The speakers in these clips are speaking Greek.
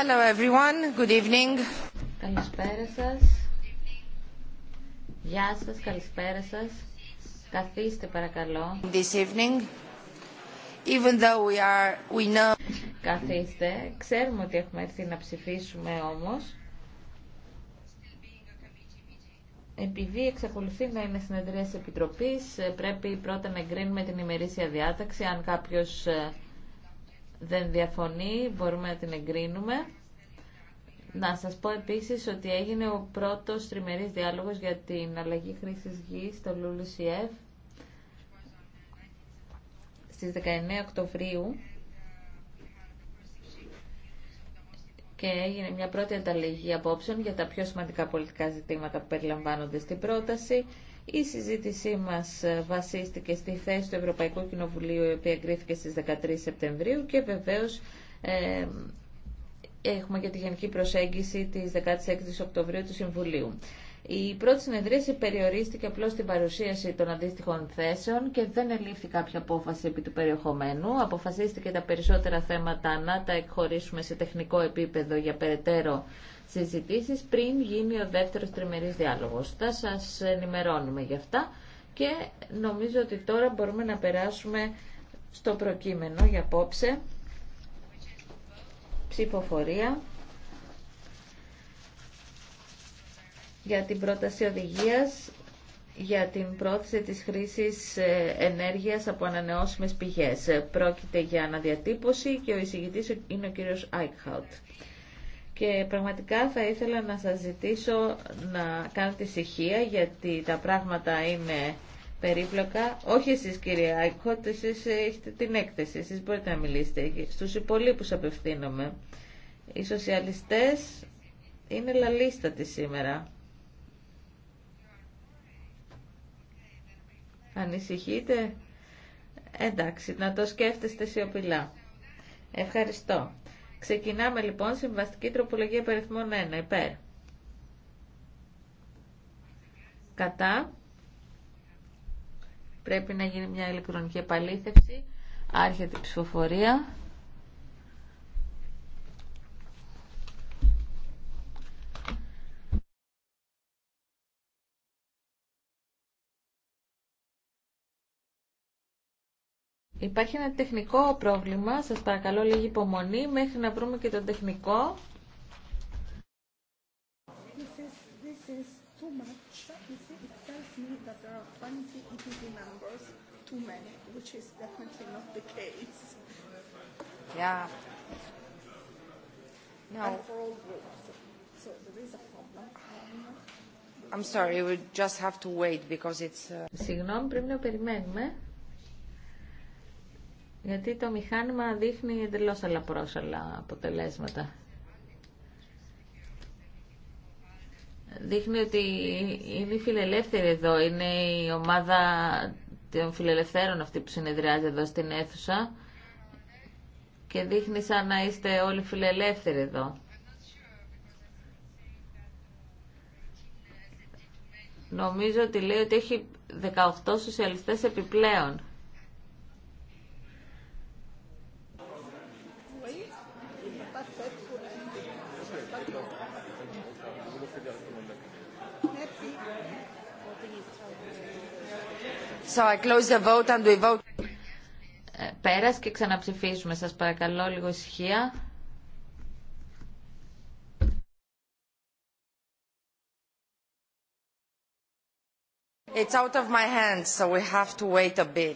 Hello everyone. Good evening. Καλησπέρα σα. Γεια σας, καλησπέρα σας. Καθίστε παρακαλώ. This evening, even though we are, we know... Καθίστε. Ξέρουμε ότι έχουμε έρθει να ψηφίσουμε όμως. Επειδή εξακολουθεί να είναι συνεδρία τη Επιτροπής, πρέπει πρώτα να εγκρίνουμε την ημερήσια διάταξη, αν κάποιος ε, δεν διαφωνεί, μπορούμε να την εγκρίνουμε. Να σας πω επίσης ότι έγινε ο πρώτος τριμερής διάλογος για την αλλαγή χρήσης γης στο LULUCF στις 19 Οκτωβρίου και έγινε μια πρώτη ανταλλαγή απόψεων για τα πιο σημαντικά πολιτικά ζητήματα που περιλαμβάνονται στην πρόταση. Η συζήτησή μας ε, βασίστηκε στη θέση του Ευρωπαϊκού Κοινοβουλίου, η οποία εγκρίθηκε στις 13 Σεπτεμβρίου και βεβαίως ε, έχουμε και τη γενική προσέγγιση της 16 Οκτωβρίου του Συμβουλίου. Η πρώτη συνεδρίαση περιορίστηκε απλώ στην παρουσίαση των αντίστοιχων θέσεων και δεν ελήφθη κάποια απόφαση επί του περιεχομένου. Αποφασίστηκε τα περισσότερα θέματα να τα εκχωρήσουμε σε τεχνικό επίπεδο για περαιτέρω συζητήσεις πριν γίνει ο δεύτερος τριμερής διάλογος. Θα σας ενημερώνουμε γι' αυτά και νομίζω ότι τώρα μπορούμε να περάσουμε στο προκείμενο για απόψε. Ψηφοφορία για την πρόταση οδηγίας για την πρόθεση της χρήσης ε, ενέργειας από ανανεώσιμες πηγές. Πρόκειται για αναδιατύπωση και ο εισηγητής είναι ο κύριος Άικχαουτ και πραγματικά θα ήθελα να σας ζητήσω να κάνετε ησυχία γιατί τα πράγματα είναι περίπλοκα. Όχι εσείς κυρία Άικχοτ, εσείς έχετε την έκθεση, εσείς μπορείτε να μιλήσετε. Στους υπολείπους απευθύνομαι. Οι σοσιαλιστές είναι λαλίστατοι σήμερα. Ανησυχείτε. Εντάξει, να το σκέφτεστε σιωπηλά. Ευχαριστώ. Ξεκινάμε λοιπόν συμβαστική τροπολογία περιθμών 1. Υπέρ. Κατά. Πρέπει να γίνει μια ηλεκτρονική επαλήθευση. Άρχεται η ψηφοφορία. Υπάρχει ένα τεχνικό πρόβλημα. Σας παρακαλώ λίγη υπομονή μέχρι να βρούμε και το τεχνικό. Συγγνώμη, πρέπει να περιμένουμε γιατί το μηχάνημα δείχνει εντελώ άλλα αποτελέσματα. Δείχνει ότι είναι η φιλελεύθερη εδώ, είναι η ομάδα των φιλελευθέρων αυτή που συνεδριάζει εδώ στην αίθουσα και δείχνει σαν να είστε όλοι φιλελεύθεροι εδώ. Νομίζω ότι λέει ότι έχει 18 σοσιαλιστές επιπλέον. So ε, πέρας και ξαναψηφίσουμε. Σας παρακαλώ λίγο ησυχία. out my hands, so we have to wait a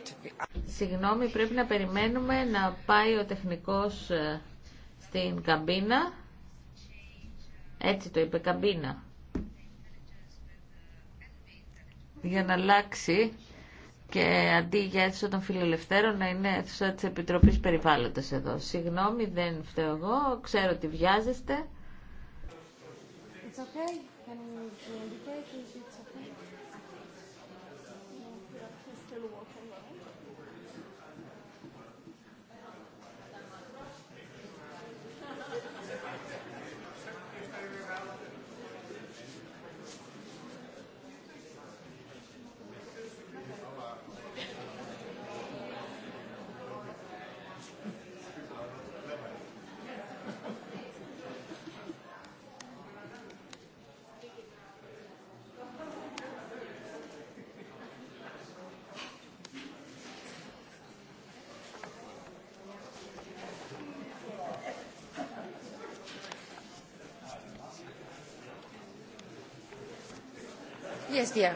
Συγγνώμη, πρέπει να περιμένουμε να πάει ο τεχνικός ε, στην καμπίνα. Έτσι το είπε, καμπίνα. Για να αλλάξει και αντί για αίθουσα των φιλελευθέρων να είναι αίθουσα της Επιτροπής Περιβάλλοντος εδώ. Συγγνώμη, δεν φταίω εγώ, ξέρω ότι βιάζεστε. It's okay. Can you it's Yes, dear.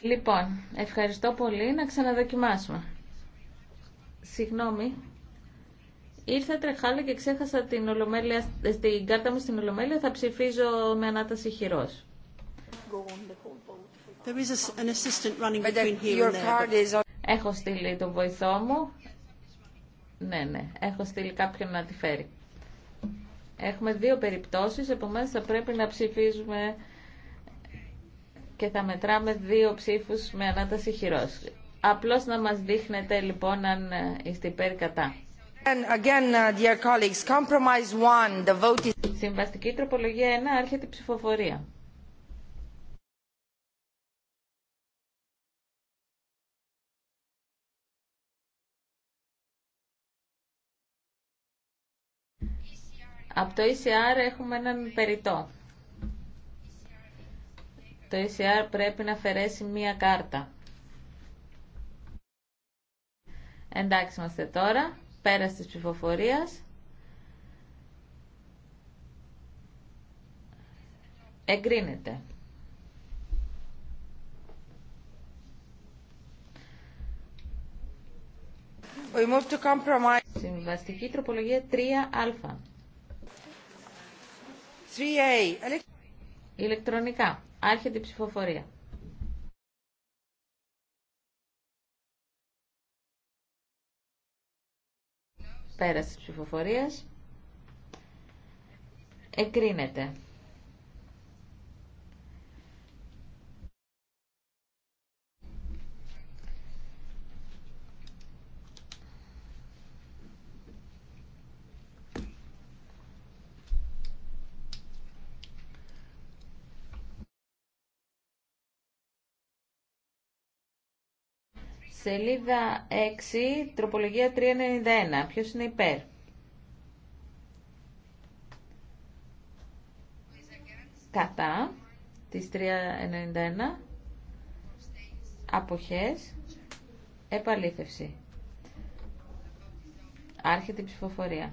Λοιπόν, ευχαριστώ πολύ. Να ξαναδοκιμάσουμε. Συγγνώμη. Ήρθα τρεχάλα και ξέχασα την, ολομέλεια, την κάρτα μου στην Ολομέλεια. Θα ψηφίζω με ανάταση χειρός. Έχω στείλει τον βοηθό μου. Ναι, ναι. Έχω στείλει κάποιον να τη φέρει. Έχουμε δύο περιπτώσεις, επομένως θα πρέπει να ψηφίζουμε και θα μετράμε δύο ψήφους με ανάταση χειρός. Απλώς να μας δείχνετε λοιπόν αν ε, είστε υπέρ κατά. Uh, Συμβαστική τροπολογία 1, άρχεται η ψηφοφορία. Από το ECR έχουμε έναν περιττό το ECR πρέπει να αφαιρέσει μία κάρτα. Εντάξει είμαστε τώρα, πέρας της ψηφοφορίας. Εγκρίνεται. Συμβαστική τροπολογία 3α. 3A. Ηλεκτρονικά. Άρχεται η ψηφοφορία. Πέραση τη ψηφοφορίας. Εγκρίνεται. Σελίδα 6, τροπολογία 391. Ποιος είναι υπέρ. Κατά της 391. Αποχές. Επαλήθευση. Άρχεται η ψηφοφορία.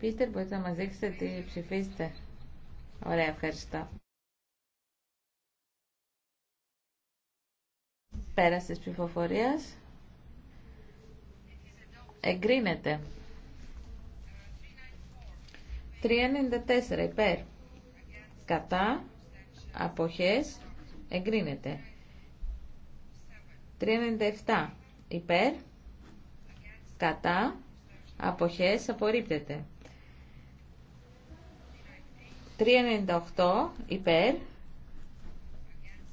Πίτερ, μπορείτε να μας δείξετε τι ψηφίζετε. Ωραία, ευχαριστώ. Πέρασε τη ψηφοφορια Εγκρίνεται. 394 υπέρ. Κατά. Αποχές. Εγκρίνεται. 397 υπέρ. Κατά. Αποχές. Απορρίπτεται. 398 υπέρ,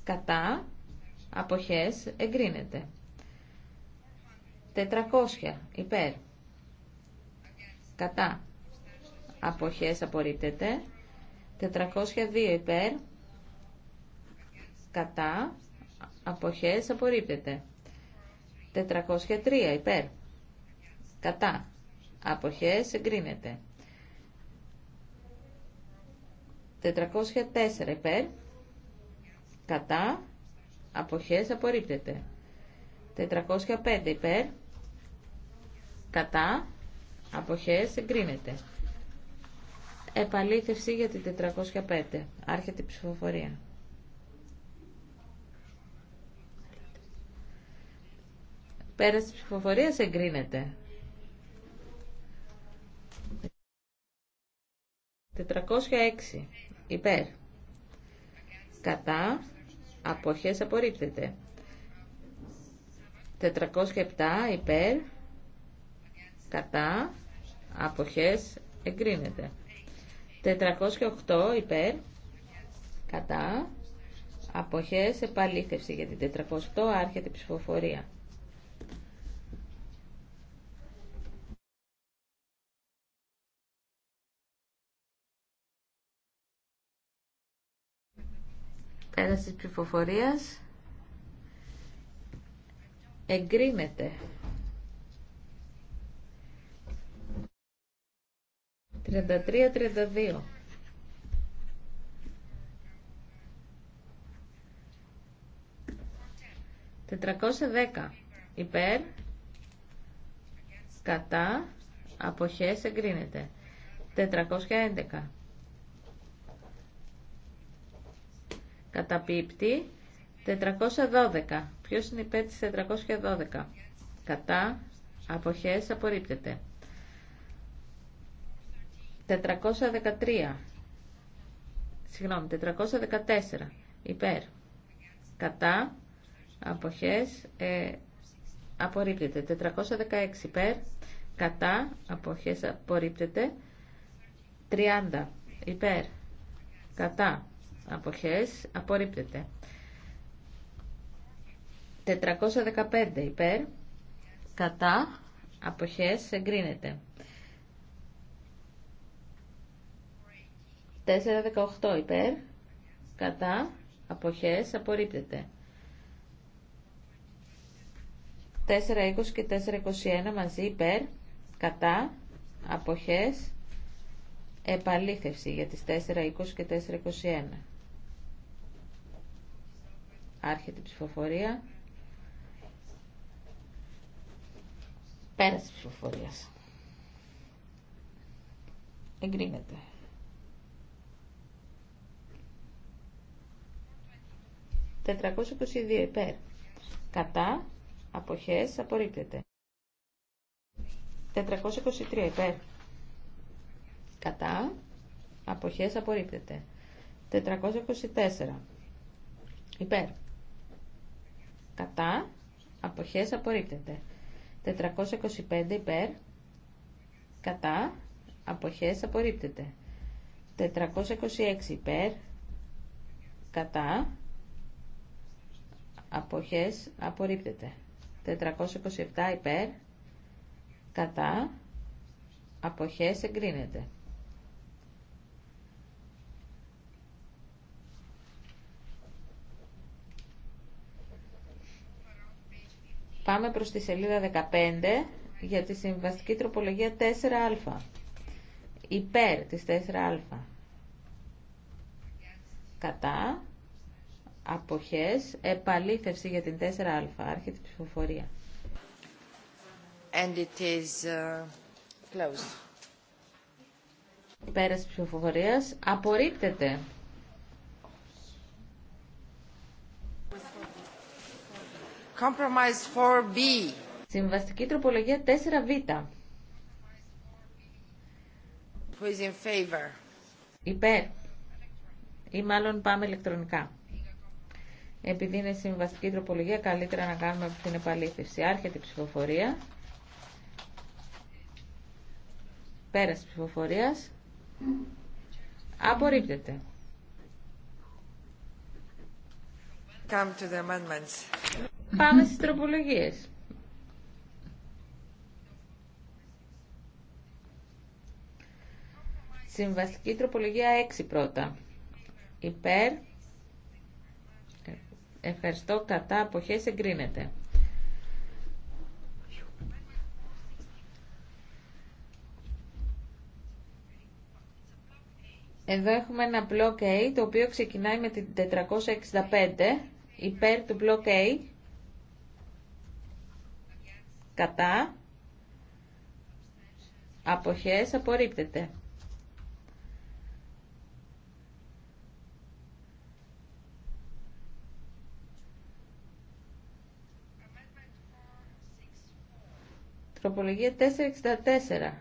κατά, αποχές, εγκρίνεται. 400 υπέρ, κατά, αποχές, απορρίπτεται. 402 υπέρ, κατά, αποχές, απορρίπτεται. 403 υπέρ, κατά, αποχές, εγκρίνεται. 404 υπέρ, κατά, αποχές απορρίπτεται. 405 υπέρ, κατά, αποχές εγκρίνεται. Επαλήθευση για την 405. Άρχεται η ψηφοφορία. Πέρας ψηφοφορία ψηφοφορίας εγκρίνεται. 406 υπέρ. Κατά αποχές απορρίπτεται. 407 υπέρ. Κατά αποχές εγκρίνεται. 408 υπέρ. Κατά αποχές επαλήθευση γιατί 408 άρχεται η ψηφοφορία. Ένας της πληροφορίας εγκρίνεται 33-32. 410 υπέρ κατά αποχές εγκρίνεται 411. Καταπίπτει. 412. Ποιος είναι υπέρ της 412. Κατά. Αποχές απορρίπτεται. 413. Συγγνώμη, 414. Υπέρ. Κατά. Αποχές. Ε, απορρίπτεται. 416 υπέρ. Κατά. Αποχές απορρίπτεται. 30 υπέρ. Κατά αποχές απορρίπτεται 415 υπέρ κατά αποχές εγκρίνεται 418 υπέρ κατά αποχές απορρίπτεται 420 και 421 μαζί υπέρ κατά αποχές επαλήθευση για τις 420 και 421 Άρχεται η ψηφοφορία. Πέρασε τη ψηφοφορία. Εγκρίνεται. 422 υπέρ. Κατά. Αποχές. Απορρίπτεται. 423 υπέρ. Κατά. Αποχές. Απορρίπτεται. 424 υπέρ κατά, αποχές απορρίπτεται. 425 υπέρ, κατά, αποχές απορρίπτεται. 426 υπέρ, κατά, αποχές απορρίπτεται. 427 υπέρ, κατά, αποχές εγκρίνεται. Πάμε προς τη σελίδα 15 για τη συμβαστική τροπολογία 4α. Υπέρ της 4α. Κατά. Αποχές. Επαλήθευση για την 4α. Άρχεται ψηφοφορία. And it is uh, closed. Πέρας ψηφοφορίας. Απορρίπτεται. Compromise b Συμβαστική τροπολογία 4β. Who is in favor? Υπέρ. Ή μάλλον πάμε ηλεκτρονικά. Επειδή είναι συμβαστική τροπολογία, καλύτερα να κάνουμε την επαλήθευση. Άρχεται η ψηφοφορία. Πέραση ψηφοφορίας. Απορρίπτεται. Come to the amendments. Πάμε στις τροπολογίες. Συμβαστική τροπολογία 6 πρώτα. Υπέρ. Ευχαριστώ. Κατά αποχές εγκρίνεται. Εδώ έχουμε ένα block A το οποίο ξεκινάει με την 465 υπέρ του block A κατά, αποχές, απορρίπτεται. Τροπολογία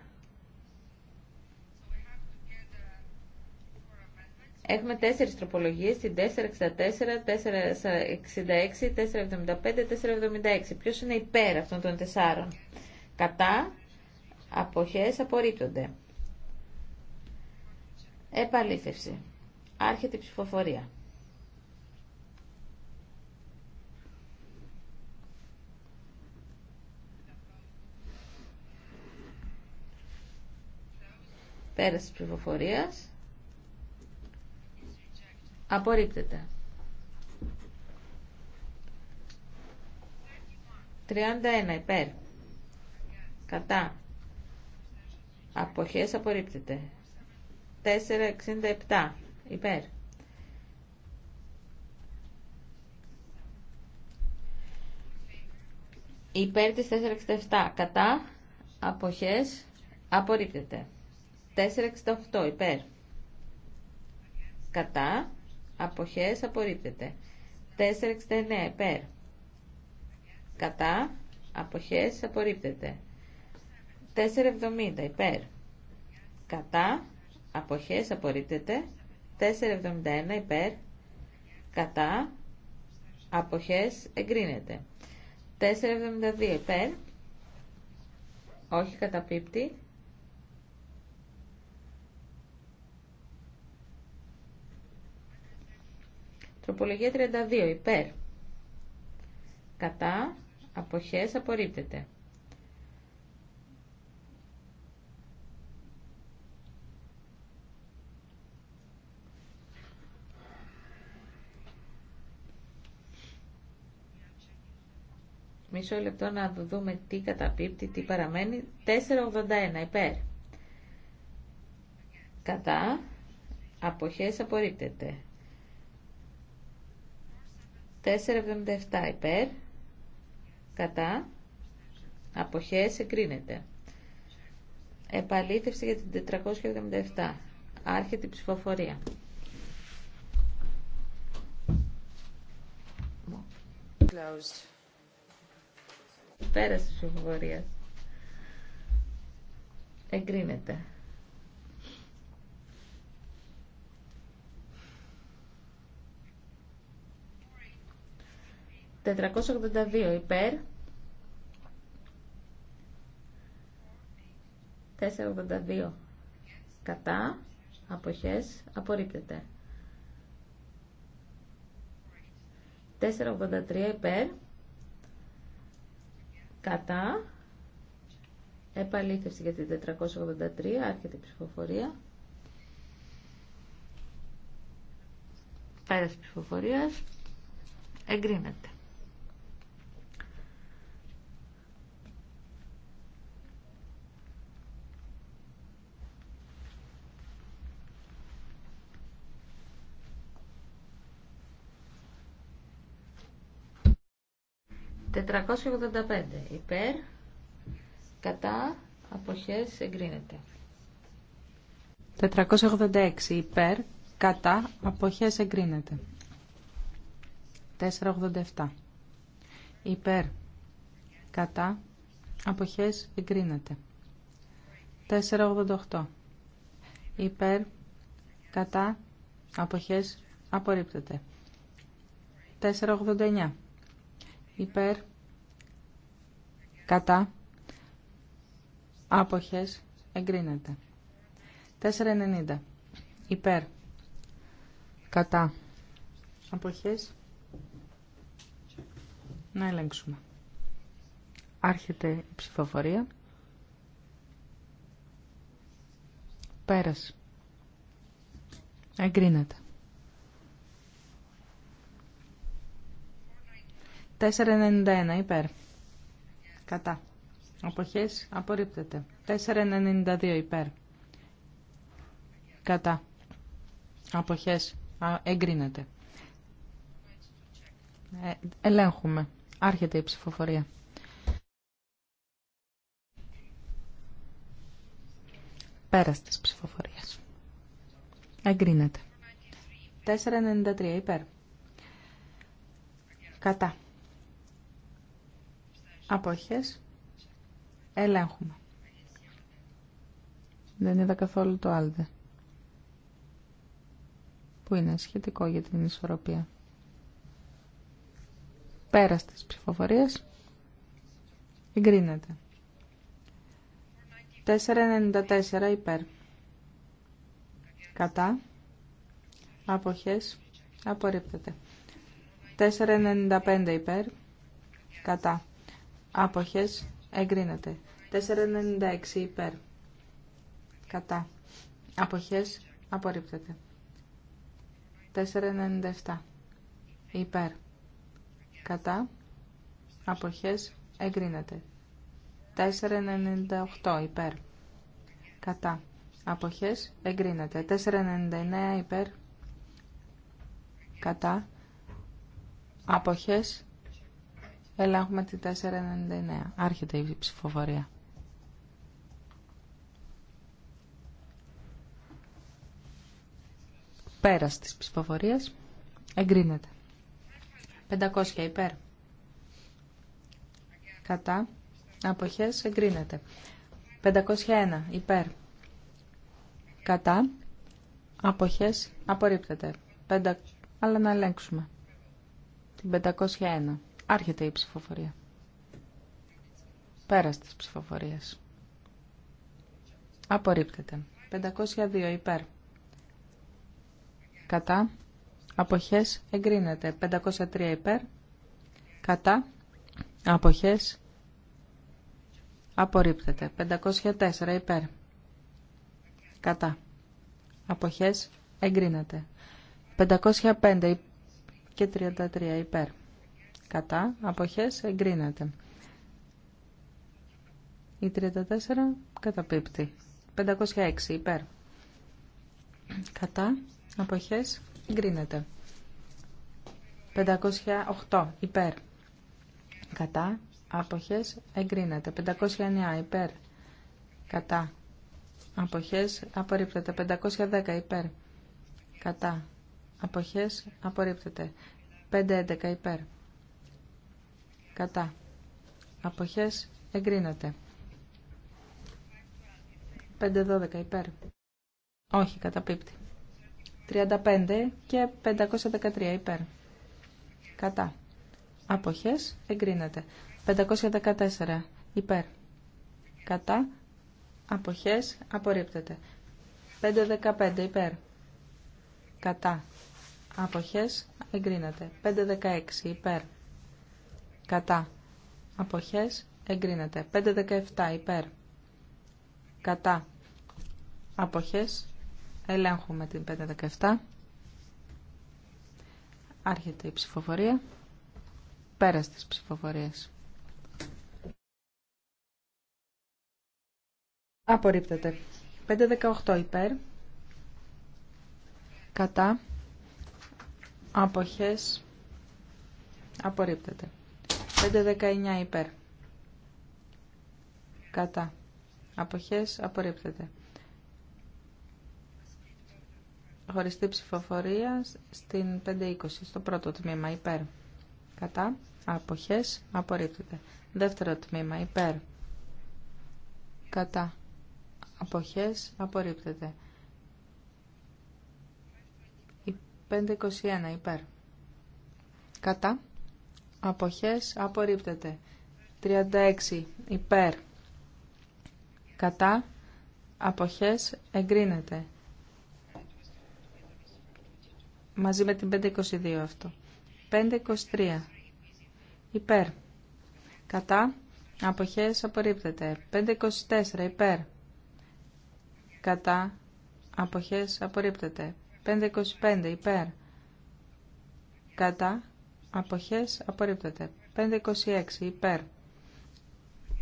464. Έχουμε τέσσερι τροπολογίε, την 464, 466, 475, 476. Ποιο είναι υπέρ αυτών των τεσσάρων. Κατά, αποχές απορρίπτονται. Επαλήθευση. Άρχεται η ψηφοφορία. Πέραση ψηφοφορίας. Απορρίπτεται. 31 υπέρ. Κατά. Αποχές απορρίπτεται. 467 υπέρ. Υπέρ της 467 κατά. Αποχές απορρίπτεται. 468 υπέρ. Κατά αποχές απορρίπτεται 469 υπέρ κατά αποχές απορρίπτεται 470 υπέρ κατά αποχές απορρίπτεται 471 υπέρ κατά αποχές εγκρίνεται 472 υπέρ όχι καταπίπτει Τροπολογία 32 υπέρ. Κατά αποχές απορρίπτεται. Μισό λεπτό να δούμε τι καταπίπτει, τι παραμένει. 4,81 υπέρ. Κατά αποχές απορρίπτεται. 4,77 υπέρ, κατά, αποχές εγκρίνεται. Επαλήθευση για την 477. Άρχεται η ψηφοφορία. Πέρασε η ψηφοφορία. Εγκρίνεται. 482 υπέρ 482 κατά αποχές απορρίπτεται 483 υπέρ κατά επαλήθευση για την 483 άρχεται η ψηφοφορία πέρας ψηφοφορίας εγκρίνεται 485 υπέρ κατά αποχές εγκρίνεται 486 υπέρ κατά αποχές εγκρίνεται 487 υπέρ κατά αποχές εγκρίνεται 488 υπέρ κατά αποχές απορρίπτεται 489 υπέρ κατά άποχες εγκρίνεται 4.90 υπέρ κατά αποχές να ελέγξουμε άρχεται η ψηφοφορία πέρασε εγκρίνεται 4.91 υπέρ Κατά. Αποχές απορρίπτεται. 4,92 υπέρ. Κατά. Αποχές εγκρίνεται. Ε, ελέγχουμε. Άρχεται η ψηφοφορία. Πέρας της ψηφοφορίας. Εγκρίνεται. 4,93 υπέρ. Κατά. Αποχές. Ελέγχουμε. Δεν είδα καθόλου το άλδε. Που είναι σχετικό για την ισορροπία. Πέρα στις ψηφοφορίες. Εγκρίνεται. 4.94 υπέρ. Κατά. Αποχές. Απορρίπτεται. 4.95 υπέρ. Κατά. Άποχες. Εγκρίνεται. 496 υπέρ. Κατά. Αποχές. Απορρίπτεται. 497 υπέρ. Κατά. Αποχές. Εγκρίνεται. 498 υπέρ. Κατά. Αποχές. Εγκρίνεται. 499 υπέρ. Κατά. Αποχές. Ελέγχουμε τη 499. Άρχεται η ψηφοφορία. Πέρας της ψηφοφορίας. Εγκρίνεται. 500 υπέρ. Κατά. Αποχές εγκρίνεται. 501 υπέρ. Κατά. Αποχές απορρίπτεται. 5... Αλλά να ελέγξουμε. Την 501. Άρχεται η ψηφοφορία. Πέρας της ψηφοφορίας. Απορρίπτεται. 502 υπέρ. Κατά. Αποχές εγκρίνεται. 503 υπέρ. Κατά. Αποχές απορρίπτεται. 504 υπέρ. Κατά. Αποχές εγκρίνεται. 505 και 33 υπέρ κατά, αποχές, εγκρίνεται. Η 34 καταπίπτει. 506 υπέρ. Κατά, αποχές, εγκρίνεται. 508 υπέρ. Κατά, αποχές, εγκρίνεται. 509 υπέρ. Κατά, αποχές, απορρίπτεται. 510 υπέρ. Κατά, αποχές, απορρίπτεται. 511 υπέρ κατά αποχές εγκρίνεται 512 υπέρ όχι καταπίπτει 35 και 513 υπέρ κατά αποχές εγκρίνεται 514 υπέρ κατά αποχές απορρίπτεται 515 υπέρ κατά αποχές εγκρίνεται 516 υπέρ κατά, αποχές, εγκρίνεται. 517 υπέρ, κατά, αποχές, ελέγχουμε την 517. Άρχεται η ψηφοφορία. Πέρα στις ψηφοφορίες. Απορρίπτεται. 518 υπέρ. Κατά. Αποχές. Απορρίπτεται. 519 υπέρ. Κατά. Αποχές απορρίπτεται. Χωριστή ψηφοφορία στην 520, στο πρώτο τμήμα υπέρ. Κατά. Αποχές απορρίπτεται. Δεύτερο τμήμα υπέρ. Κατά. Αποχές απορρίπτεται. Η 521 υπέρ. Κατά αποχές απορρίπτεται 36 υπέρ κατά αποχές εγκρίνεται μαζί με την 522 αυτό 523 υπέρ κατά αποχές απορρίπτεται 524 υπέρ κατά αποχές απορρίπτεται 525 υπέρ κατά αποχές απορρίπτεται. 526 υπέρ.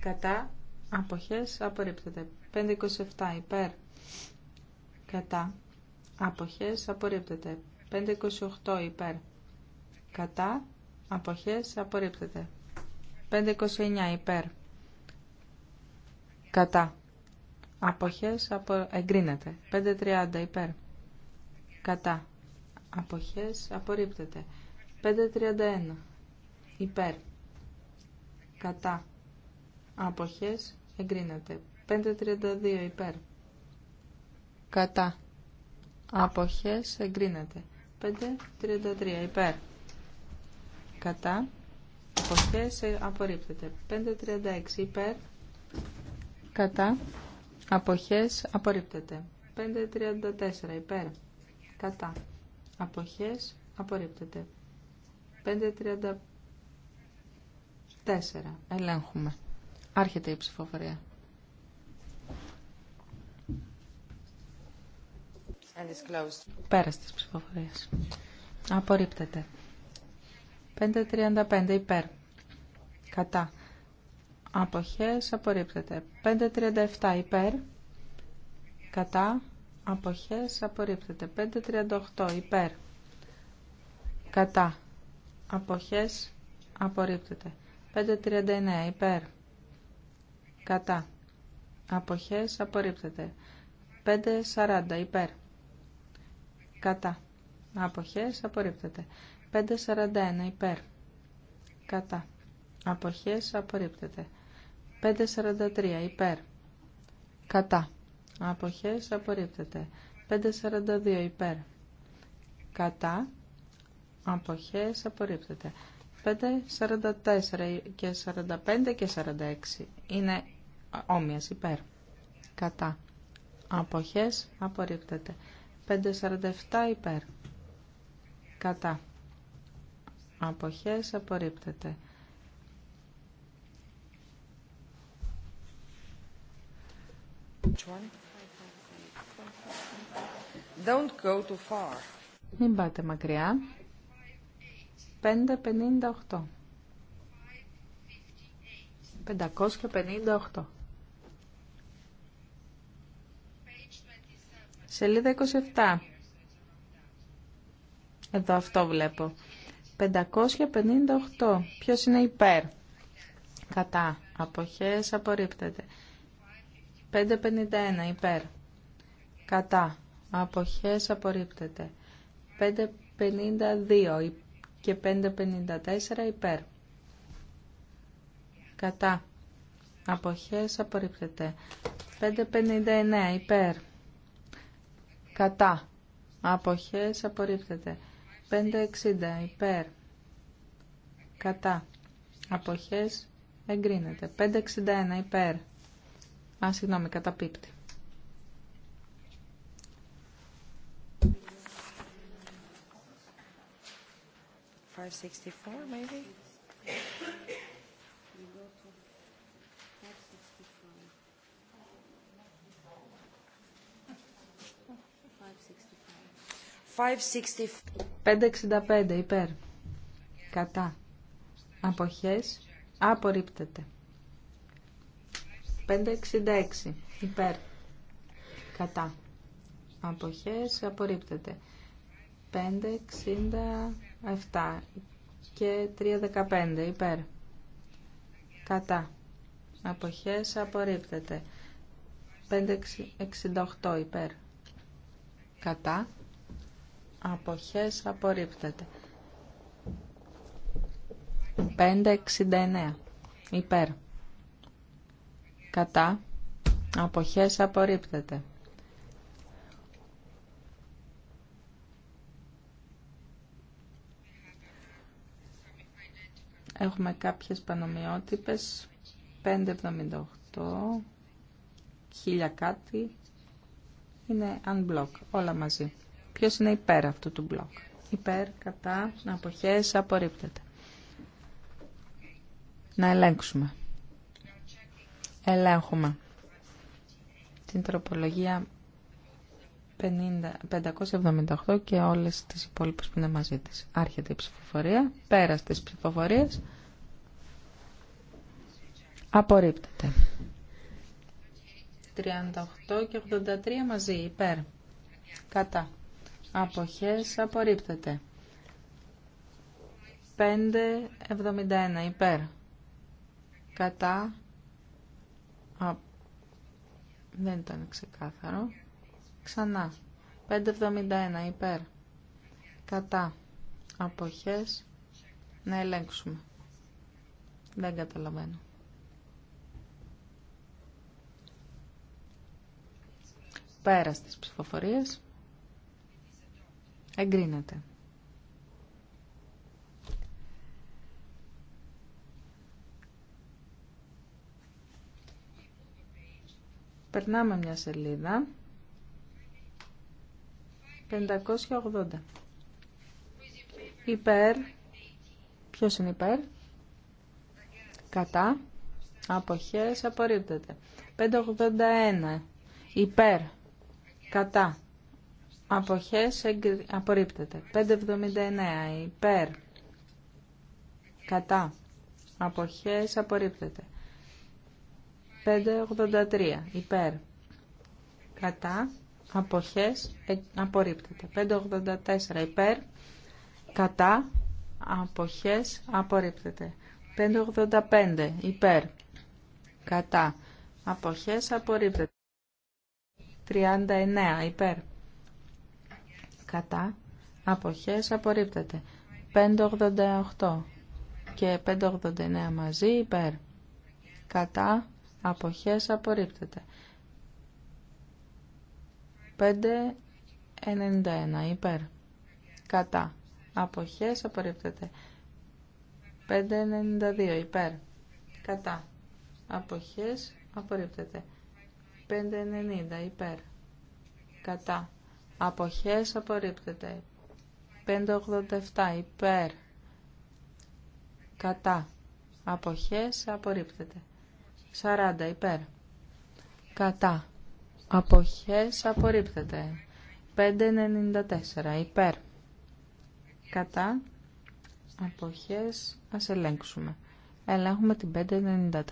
Κατά αποχές απορρίπτεται. 527 υπέρ. Κατά αποχές απορρίπτεται. 528 υπέρ. Κατά αποχές απορρίπτεται. 529 υπέρ. Κατά. Αποχές απο... εγκρίνεται. 530 υπέρ. Κατά. Αποχές απορρίπτεται. 531 υπέρ κατά αποχές εγκρίνεται 532 υπέρ κατά αποχές εγκρίνεται 533 ε, υπέρ κατά αποχές απορρίπτεται 536 υπέρ κατά αποχές απορρίπτεται 534 υπέρ κατά αποχές απορρίπτεται 5.34. Ελέγχουμε. Άρχεται η ψηφοφορία. Πέρας τη ψηφοφορία. Απορρίπτεται. 5.35 υπέρ. Κατά. Αποχές απορρίπτεται. 5.37 υπέρ. Κατά. Αποχές απορρίπτεται. 5.38 υπέρ. Κατά αποχές απορρίπτεται 539 υπέρ κατά αποχές απορρίπτεται 540 υπέρ κατά αποχές απορρίπτεται 541 υπέρ κατά αποχές απορρίπτεται 543 υπέρ κατά αποχές απορρίπτεται 542 υπέρ κατά Αποχές απορρίπτεται. 5.44 και 45 και 46 είναι όμοιας υπέρ. Κατά. Αποχές απορρίπτεται. 5.47 υπέρ. Κατά. Αποχές απορρίπτεται. Don't go too far. Μην πάτε μακριά. 558. 558. Σελίδα 27. Εδώ αυτό βλέπω. 558. Ποιος είναι υπέρ. Κατά. Αποχές απορρίπτεται. 551 υπέρ. Κατά. Αποχές απορρίπτεται. 552 υπέρ και 554 υπέρ. Κατά. Αποχές απορρίπτεται. 559 υπέρ. Κατά. Αποχές απορρίπτεται. 560 υπέρ. Κατά. Αποχές εγκρίνεται. 561 υπέρ. Α, συγγνώμη, καταπίπτει. 564 maybe? ...565 υπέρ, κατά, αποχές, απορρίπτεται. 566 υπέρ, κατά, αποχές, απορρίπτεται. 560 7 και 3.15 υπέρ. Κατά. Αποχές απορρίπτεται. 5.68 υπέρ. Κατά. Αποχές απορρίπτεται. 5.69 υπέρ. Κατά. Αποχές απορρίπτεται. Έχουμε κάποιες πανομοιότυπες, 5,78, 1000 κάτι, είναι unblock, όλα μαζί. Ποιος είναι υπέρ αυτού του block. Υπέρ, κατά, αποχές, απορρίπτεται. Να ελέγξουμε. Ελέγχουμε. Την τροπολογία 578 και όλες τις υπόλοιπες που είναι μαζί της. Άρχεται η ψηφοφορία, πέρας της ψηφοφορίες απορρίπτεται. 38 και 83 μαζί, υπέρ. Κατά. Αποχές απορρίπτεται. 5,71 υπέρ. Κατά. Α, δεν ήταν ξεκάθαρο. Ξανά. 5.71 υπέρ. Κατά. Αποχές. Να ελέγξουμε. Δεν καταλαβαίνω. Πέρα στις ψηφοφορίες. Εγκρίνεται. Περνάμε μια σελίδα. 580. Υπέρ. Ποιος είναι υπέρ. Κατά. Αποχές απορρίπτεται. 581. Υπέρ. Κατά. Αποχές απορρίπτεται. 579. Υπέρ. Κατά. Αποχές απορρίπτεται. 583. Υπέρ. Κατά αποχές ε, απορρίπτεται. 584 υπέρ, κατά, αποχές απορρίπτεται. 585 υπέρ, κατά, αποχές απορρίπτεται. 39 υπέρ, κατά, αποχές απορρίπτεται. 588 και 589 μαζί υπέρ, κατά, αποχές απορρίπτεται. 591 υπέρ κατά αποχές απορρίπτεται 592 υπέρ κατά αποχές απορρίπτεται 590 υπέρ κατά αποχές απορρίπτεται 587 υπέρ κατά αποχές απορρίπτεται 40 υπέρ κατά Αποχές απορρίπτεται. 594 υπέρ. Κατά. Αποχές ας ελέγξουμε. Ελέγχουμε την 594.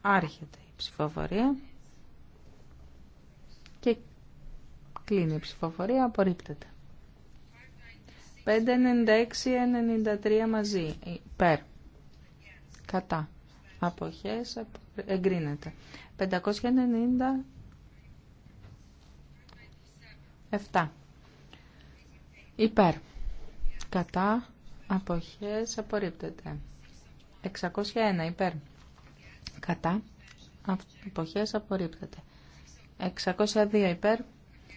Άρχεται η ψηφοφορία. Και κλείνει η ψηφοφορία. Απορρίπτεται. 596-93 μαζί. Υπέρ. Κατά αποχές εγκρίνεται. 597 υπέρ κατά αποχές απορρίπτεται. 601 υπέρ κατά αποχές απορρίπτεται. 602 υπέρ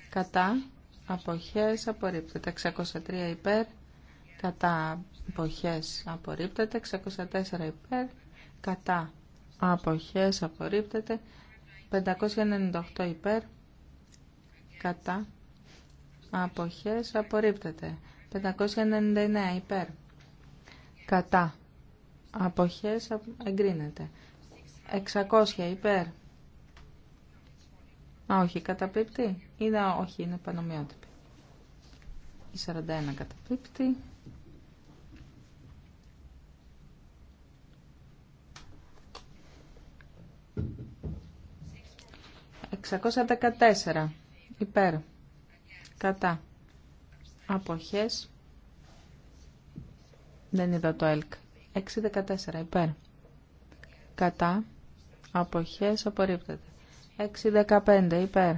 κατά αποχές απορρίπτεται. 603 υπέρ κατά αποχές απορρίπτεται. 604 υπέρ κατά αποχές απορρίπτεται 598 υπέρ κατά αποχές απορρίπτεται 599 υπέρ κατά αποχές εγκρίνεται 600 υπέρ Α, όχι, καταπίπτει. Είδα, όχι, είναι πανομοιότυπη. Η 41 καταπίπτει. 614 υπέρ κατά αποχές δεν είδα το ΕΛΚ 614 υπέρ κατά αποχές απορρίπτεται 615 υπέρ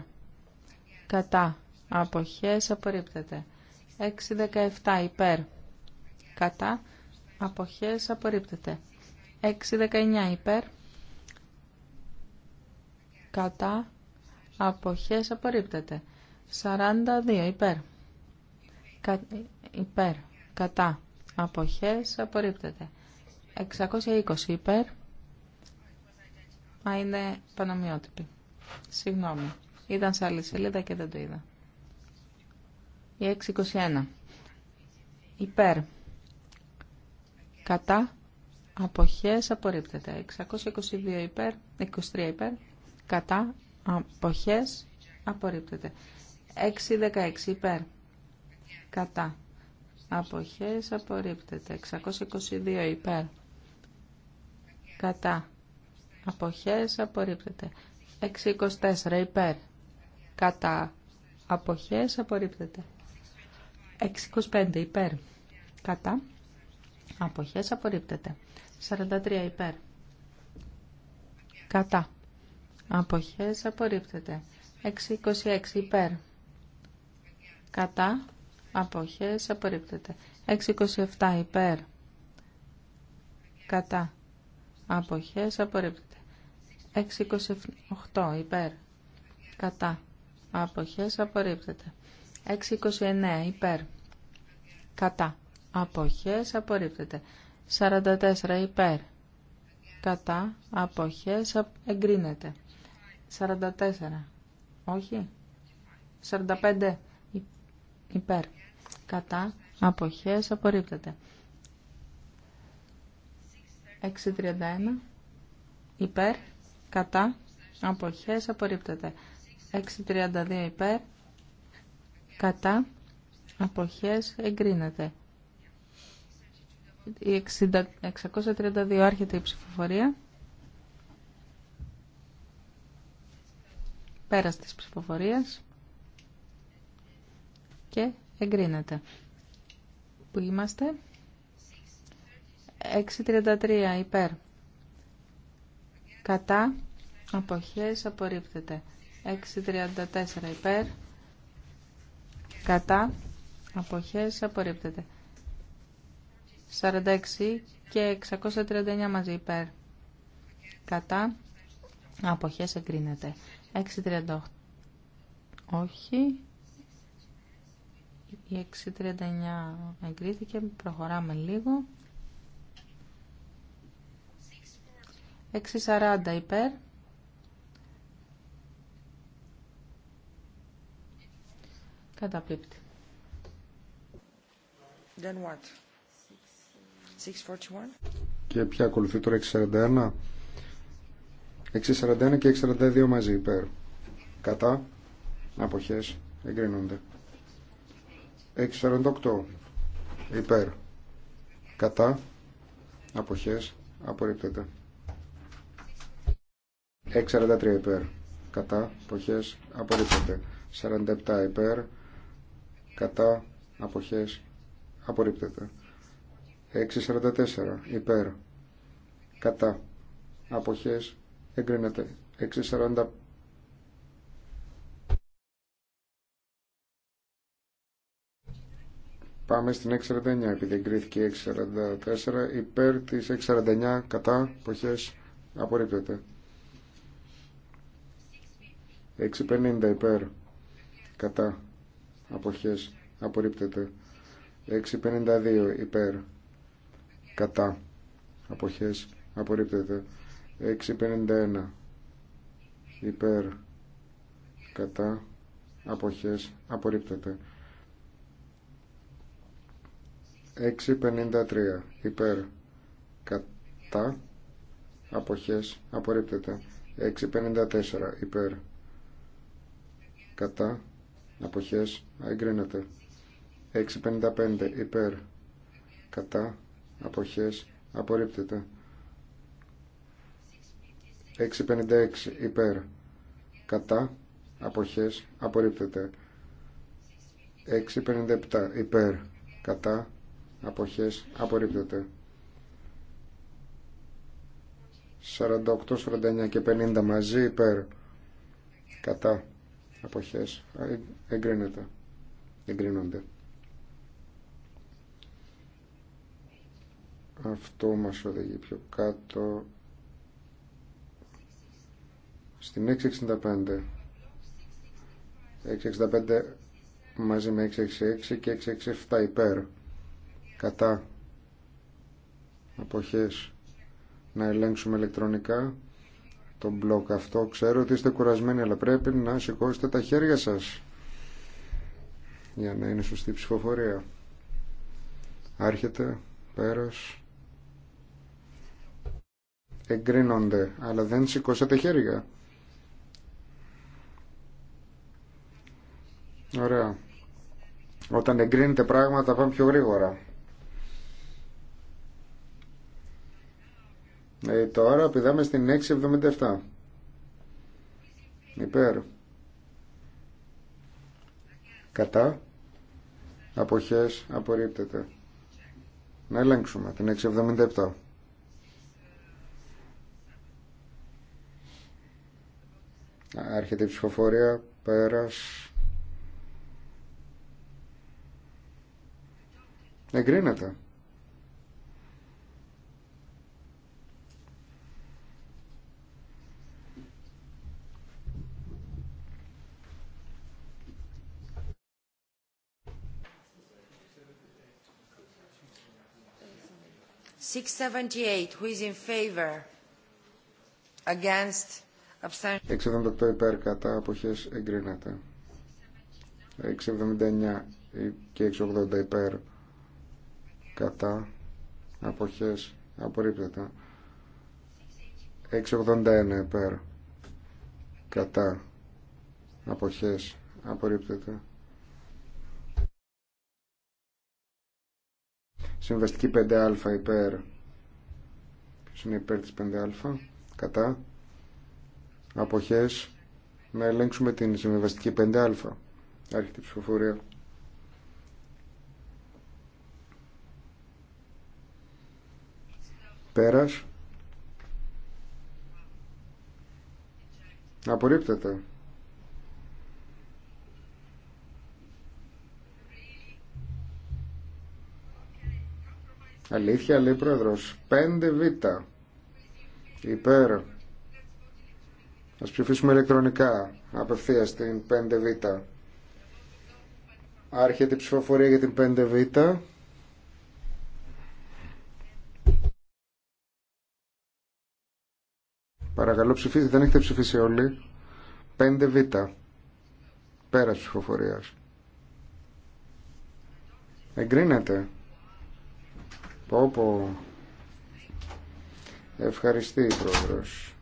κατά αποχές απορρίπτεται 617 υπέρ κατά αποχές απορρίπτεται 619 υπέρ κατά αποχές απορρίπτεται. 42 υπέρ. Κα, υπέρ. Κατά. Αποχές απορρίπτεται. 620 υπέρ. Μα είναι πανομοιότυπη. Συγγνώμη. Ήταν σε άλλη σελίδα και δεν το είδα. Η 621. Υπέρ. Κατά. Αποχές απορρίπτεται. 622 υπέρ. 23 υπέρ. Κατά. Αποχές. Απορρίπτεται. 616 υπέρ. Κατά. Αποχές. Απορρίπτεται. 622 υπέρ. Κατά. Αποχές. Απορρίπτεται. 624 υπέρ. Κατά. Αποχές. Απορρίπτεται. 625 υπέρ. Κατά. Αποχές. Απορρίπτεται. 43 υπέρ. Κατά. Αποχές απορρίπτεται. 626 υπέρ. Κατά. Αποχές απορρίπτεται. 627 υπέρ. Κατά. Αποχές απορρίπτεται. 628 υπέρ. Κατά. Αποχές απορρίπτεται. 629 υπέρ. Κατά. Αποχές απορρίπτεται. 44 υπέρ. Κατά. Αποχές εγκρίνεται. 44. Όχι. 45 υπέρ. Κατά. Αποχές απορρίπτεται. 631 υπέρ. Κατά. Αποχές απορρίπτεται. 632 υπέρ. Κατά. Αποχές εγκρίνεται. Η 632 άρχεται η ψηφοφορία. πέρα τη ψηφοφορίας και εγκρίνεται. Πού είμαστε? 6.33 υπέρ. Κατά. Αποχές απορρίπτεται. 6.34 υπέρ. Κατά. Αποχές απορρίπτεται. 46 και 639 μαζί υπέρ. Κατά. Αποχές εγκρίνεται. 6.38. Όχι. Η 6.39 εγκρίθηκε. Προχωράμε λίγο. 6.40 υπέρ. Καταπίπτει. Then what? 6.41. Και ποια ακολουθεί τώρα 6.41. 641 και 642 μαζί υπέρ. Κατά. Αποχές. Εγκρίνονται. 648 υπέρ. Κατά. Αποχές. Απορρίπτεται. 643 υπέρ. Κατά. Αποχές. Απορρίπτεται. 47 υπέρ. Κατά. Αποχές. Απορρίπτεται. 644 υπέρ. Κατά. Αποχές εγκρίνεται. 6.40 Πάμε στην 6.49 επειδή εγκρίθηκε η 6.44 υπέρ της 6.49 κατά ποχές απορρίπτεται. 6.50 υπέρ κατά αποχές απορρίπτεται. 6.52 υπέρ κατά αποχές απορρίπτεται. 651 υπέρ κατά αποχές απορρίπτεται 653 υπέρ κατά αποχές απορρίπτεται 654 υπέρ κατά αποχές αγκρίνεται. 655 υπέρ κατά αποχές απορρίπτεται 656 υπέρ κατά αποχές απορρίπτεται 657 υπέρ κατά αποχές απορρίπτεται 48, 49 και 50 μαζί υπέρ κατά αποχές ε, εγκρίνεται εγκρίνονται αυτό μας οδηγεί πιο κάτω στην 665. 665 μαζί με 666 και 667 υπέρ κατά αποχές να ελέγξουμε ηλεκτρονικά τον μπλοκ αυτό. Ξέρω ότι είστε κουρασμένοι αλλά πρέπει να σηκώσετε τα χέρια σας για να είναι σωστή η ψηφοφορία. Άρχεται, πέρας. Εγκρίνονται, αλλά δεν σηκώσατε χέρια. Ωραία. Όταν εγκρίνεται πράγματα πάμε πιο γρήγορα. Ε, τώρα πηδάμε στην 677. Υπέρ. Κατά. Αποχές απορρίπτεται. Να ελέγξουμε την 677. Άρχεται η ψηφοφορία πέρας Εγκρίνεται. υπέρ κατά αποχές εγκρίνεται. 679 ε, και 680 υπέρ κατά αποχές απορρίπτεται 681 υπέρ κατά αποχές απορρίπτεται συμβαστική 5α υπέρ ποιος είναι υπέρ της 5α κατά αποχές να ελέγξουμε την συμβαστική 5α άρχεται η ψηφοφορία Πέρας. Απορρίπτεται. Αλήθεια λέει πρόεδρος 5β Υπέρ Ας ψηφίσουμε ηλεκτρονικά Απευθείας την 5β Άρχεται η ψηφοφορία για την 5β Παρακαλώ ψηφίστε. Δεν έχετε ψηφίσει όλοι. 5β. Πέρα τη ψηφοφορία. Εγκρίνεται. Πόπο. Ευχαριστεί η πρόεδρος.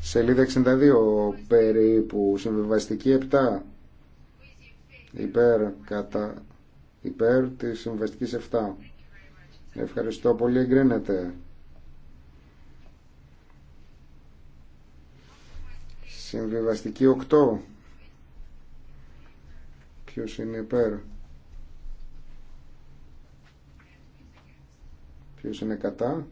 Σελίδα 62 περίπου, συμβιβαστική 7. Υπέρ, κατά, υπέρ της συμβιβαστικής 7. Ευχαριστώ πολύ, εγκρίνεται. Συμβιβαστική 8. Ποιος είναι υπέρ. Ποιος είναι κατά.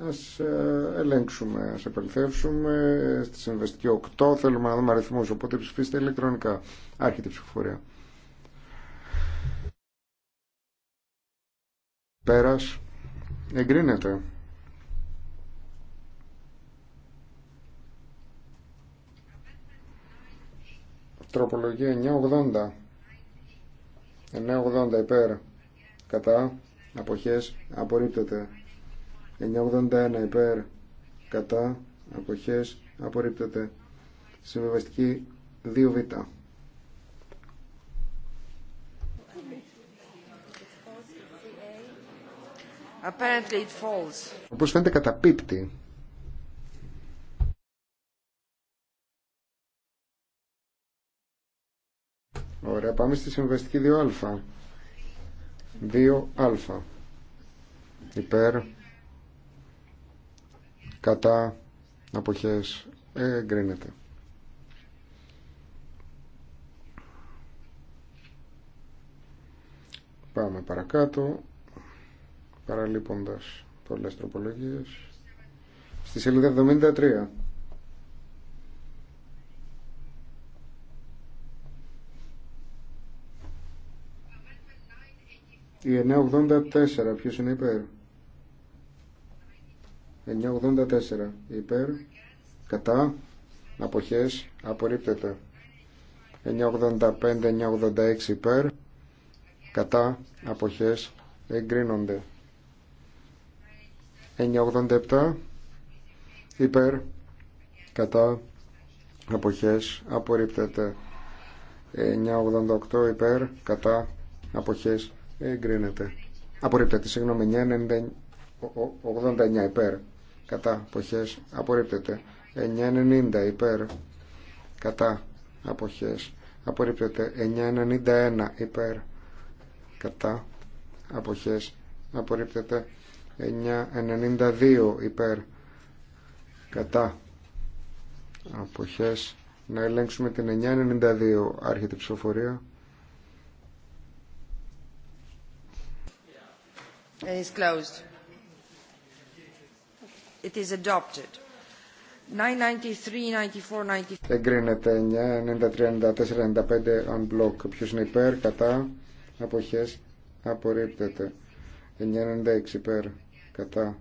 Ας ε, ελέγξουμε, ας επελθεύσουμε. Στη συμβεστική 8 θέλουμε να δούμε αριθμούς, οπότε ψηφίστε ηλεκτρονικά. Άρχεται η ψηφοφορία. Πέρας. Εγκρίνεται. Τροπολογία 980. 980 υπέρ. Κατά. Αποχές. Απορρίπτεται. 981 υπέρ κατά αποχές απορρίπτεται συμβιβαστική 2β Apparently it falls. Όπως φαίνεται καταπίπτει. Ωραία, πάμε στη συμβαστική 2α. 2α. Υπέρ, κατά αποχές εγκρίνεται. Πάμε παρακάτω, παραλείποντας πολλές τροπολογίες. Στη σελίδα 73. Η 984, ποιος είναι υπέρ. 984 υπέρ κατά αποχές απορρίπτεται 985-986 υπέρ κατά αποχές εγκρίνονται 987 υπέρ κατά αποχές απορρίπτεται 988 υπέρ κατά αποχές εγκρίνεται απορρίπτεται συγγνώμη 989 υπέρ κατά αποχές απορρίπτεται 990 υπέρ κατά αποχές απορρίπτεται 991 υπέρ κατά αποχές απορρίπτεται 992 υπέρ κατά αποχές να ελέγξουμε την 992 άρχεται ψηφοφορία It is closed. It is adopted. 993, 94, 95. Εγκρίνεται 9, 93, 94, Ποιος είναι υπέρ, κατά, αποχές, απορρίπτεται. 996 υπέρ, κατά,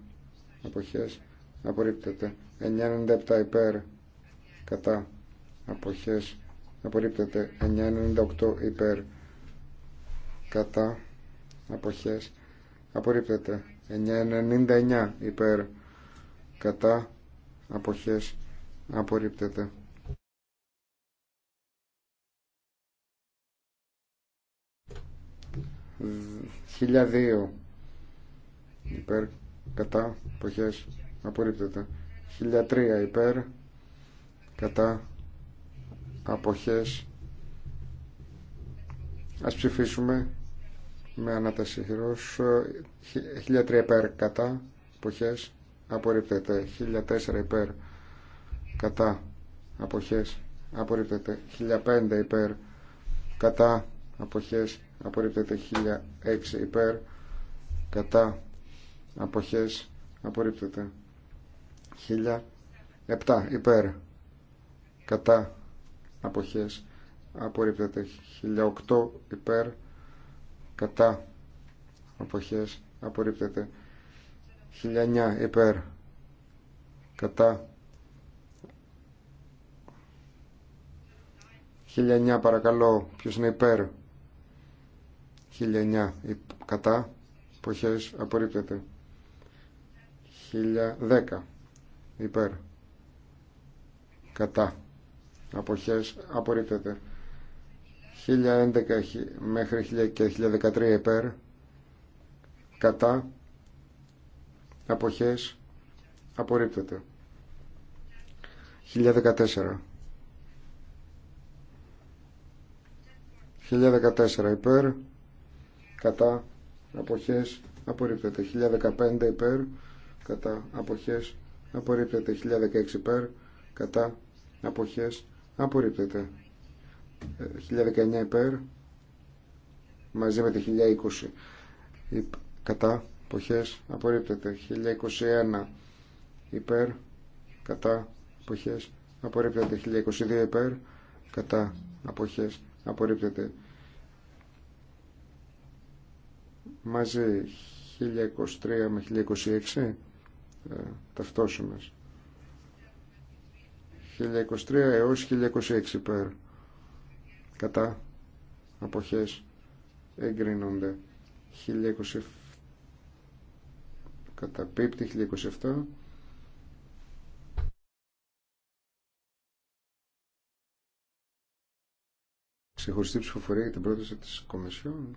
αποχές, απορρίπτεται. 997 υπέρ, κατά, αποχές, απορρίπτεται. 998 υπέρ, κατά, αποχές, απορρίπτεται. 999 υπέρ, κατά αποχές απορρίπτεται. Χιλιά δύο υπέρ κατά αποχές απορρίπτεται. Χιλιά τρία υπέρ κατά αποχές ας ψηφίσουμε με ανατασίχυρος 1003 υπέρ κατά αποχές απορρίπτεται 1004 υπέρ κατά αποχές απορρίπτεται 1005 υπέρ κατά αποχές απορρίπτεται 1006 υπέρ κατά αποχές απορρίπτεται 1007 υπέρ κατά αποχές απορρίπτεται 1008 υπέρ κατά αποχές απορρίπτεται 1009 υπέρ κατά 1009 παρακαλώ ποιος είναι υπέρ 1009 κατά εποχές απορρίπτεται 1010 υπέρ κατά αποχές απορρίπτεται 1011 μέχρι 1013 υπέρ κατά αποχές απορρίπτεται 1014 1014 υπέρ κατά αποχές απορρίπτεται 1015 υπέρ κατά αποχές απορρίπτεται 1016 υπέρ κατά αποχές απορρίπτεται 1019 υπέρ μαζί με τη 1020 κατά απορρίπτεται 1021 υπέρ κατά αποχές απορρίπτεται 1022 υπέρ κατά αποχές απορρίπτεται μαζί 1023 με 1026 ταυτόσιμες 1023 έως 1026 υπέρ κατά αποχές εγκρίνονται 1027 κατά πέπτη 1027 ξεχωριστή ψηφοφορία για την πρόταση της Κομισιόν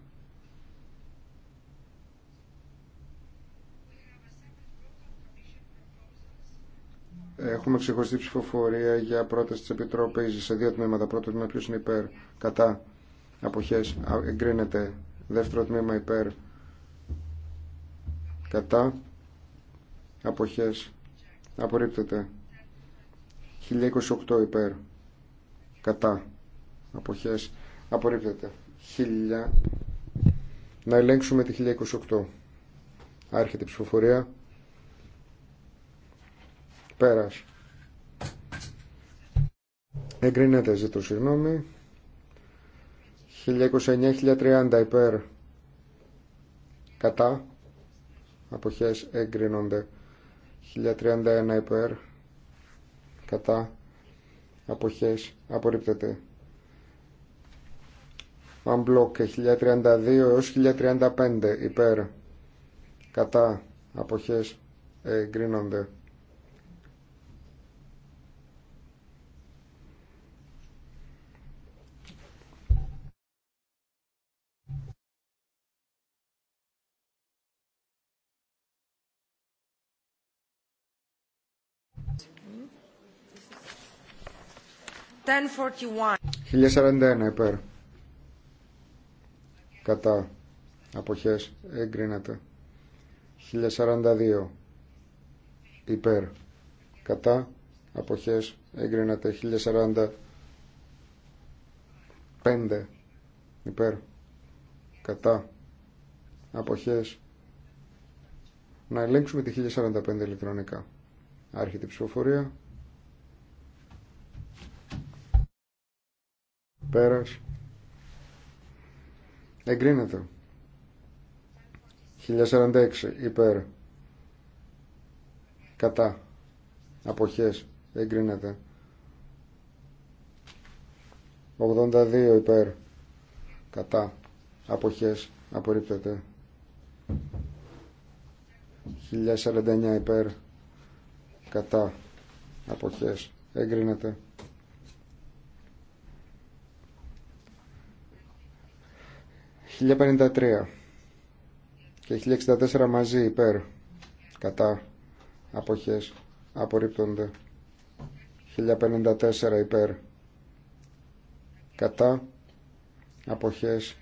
Έχουμε ξεχωριστή ψηφοφορία για πρόταση της Επιτρόπης σε δύο τμήματα. Πρώτο τμήμα ποιος είναι υπέρ, κατά, αποχές, εγκρίνεται. Δεύτερο τμήμα υπέρ, κατά αποχές απορρίπτεται 1028 υπέρ κατά αποχές απορρίπτεται 1000 να ελέγξουμε τη 1028 άρχεται η ψηφοφορία πέρας εγκρίνεται ζήτω συγγνώμη 1029-1030 υπέρ κατά αποχές εγκρίνονται 1031 υπέρ κατά αποχές απορρίπτεται μπλοκ, 1032 έως 1035 υπέρ κατά αποχές εγκρίνονται 1041 υπέρ. Κατά. Αποχές. Εγκρίνεται. 1042 υπέρ. Κατά. Αποχές. Εγκρίνεται. 1045 υπέρ. Κατά. Αποχές. Να ελέγξουμε τη 1045 ηλεκτρονικά. Άρχεται ψηφοφορία. Πέρας. Εγκρίνεται. 1046 υπέρ. Κατά. Αποχές. Εγκρίνεται. 82 υπέρ. Κατά. Αποχές. Απορρίπτεται. 1049 υπέρ κατά αποχές εγκρίνεται 1053 και 1064 μαζί υπέρ κατά αποχές απορρίπτονται 1054 υπέρ κατά αποχές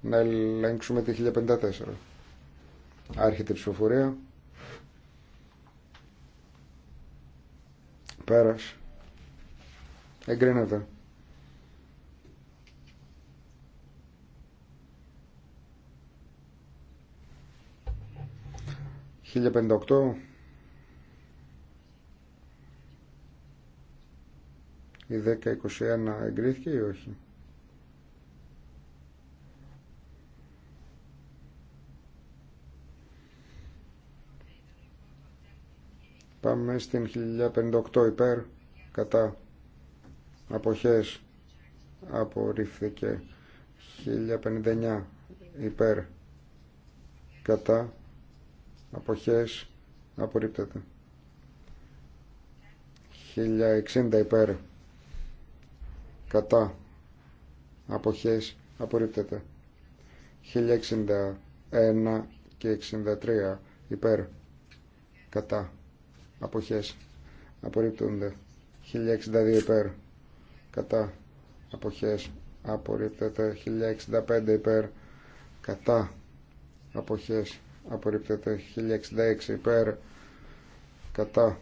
να ελέγξουμε τη 1054 άρχεται η ψηφοφορία Πέρας. Εγκρίνεται. Η 10-21 εγκρίθηκε ή όχι. Πάμε στην 1058 υπέρ κατά αποχές απορρίφθηκε 1059 υπέρ κατά αποχές απορρίπτεται 1060 υπέρ κατά αποχές απορρίπτεται 1061 και 63 υπέρ κατά αποχές απορρίπτονται 1062 υπέρ κατά αποχές απορρίπτεται 1065 υπέρ κατά αποχές απορρίπτεται 1066 υπέρ κατά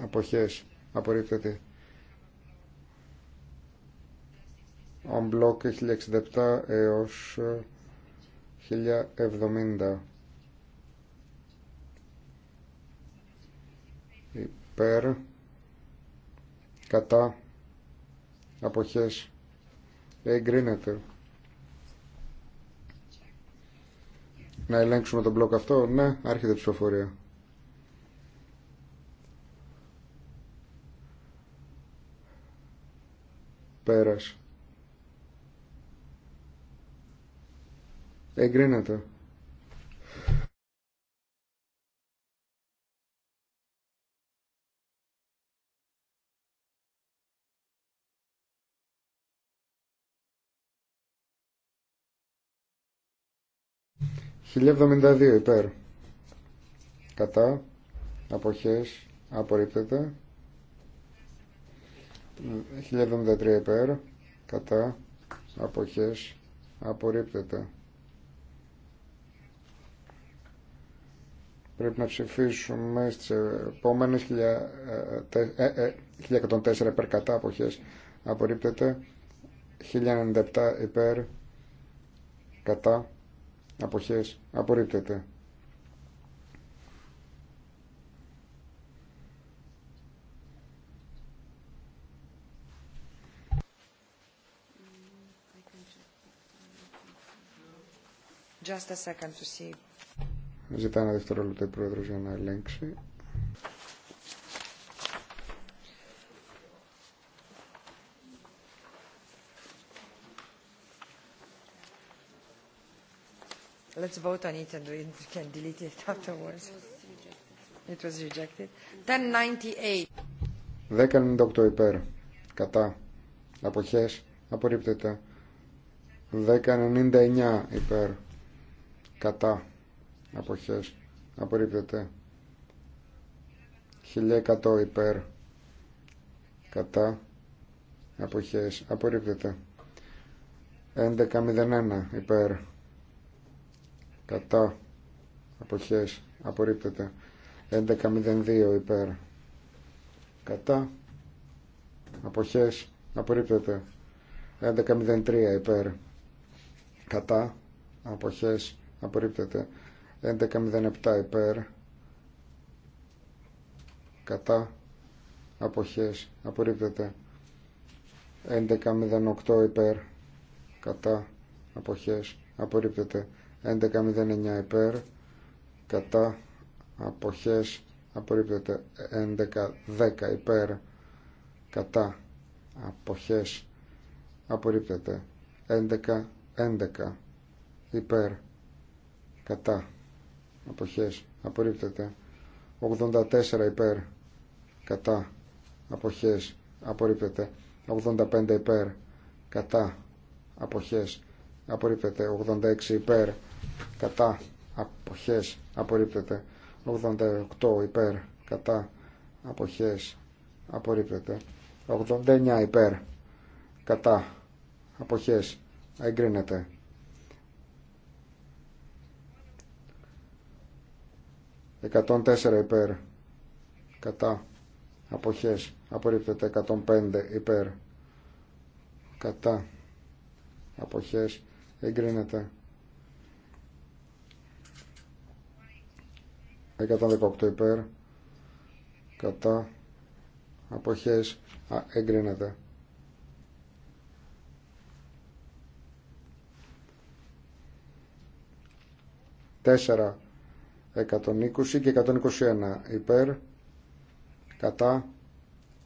αποχές απορρίπτεται ομπλοκ 1067 έως 1070 Πέρα, κατά αποχές εγκρίνεται να ελέγξουμε τον μπλοκ αυτό ναι άρχεται η ψηφοφορία πέρας εγκρίνεται 1072 υπέρ κατά αποχές απορρίπτεται 1073 υπέρ κατά αποχές απορρίπτεται πρέπει να ψηφίσουμε στις επόμενες 1104 ε, ε, ε, υπέρ κατά αποχές απορρίπτεται 1097 υπέρ κατά αποχές απορρίπτεται. Just a second to see. Ζητά ένα δευτερόλεπτο η πρόεδρος για να ελέγξει. let's vote on it and we can delete it afterwards. It was rejected. 1098. 1098 υπέρ. Κατά. Αποχές. Απορρίπτεται. 1099 υπέρ. Κατά. Αποχές. Απορρίπτεται. 1100 υπέρ. Κατά. Αποχές. Απορρίπτεται. 1101 υπέρ κατά αποχές απορρίπτεται 11.02 υπέρ κατά αποχές απορρίπτεται 11.03 υπέρ κατά αποχές απορρίπτεται 11.07 υπέρ κατά αποχές απορρίπτεται 11.08 υπέρ κατά αποχές απορρίπτεται 11.09 υπέρ κατά αποχές απορρίπτεται 11.10 υπέρ κατά αποχές απορρίπτεται 11.11 11, υπέρ κατά αποχές απορρίπτεται 84 υπέρ κατά αποχές απορρίπτεται 85 υπέρ κατά αποχές απορρίπτεται 86 υπέρ κατά αποχές απορρίπτεται 88 υπέρ κατά αποχές απορρίπτεται 89 υπέρ κατά αποχές εγκρίνεται 104 υπέρ κατά αποχές απορρίπτεται 105 υπέρ κατά αποχές εγκρίνεται 118 υπέρ κατά αποχές α, εγκρίνεται τέσσερα 120 και 121 υπέρ κατά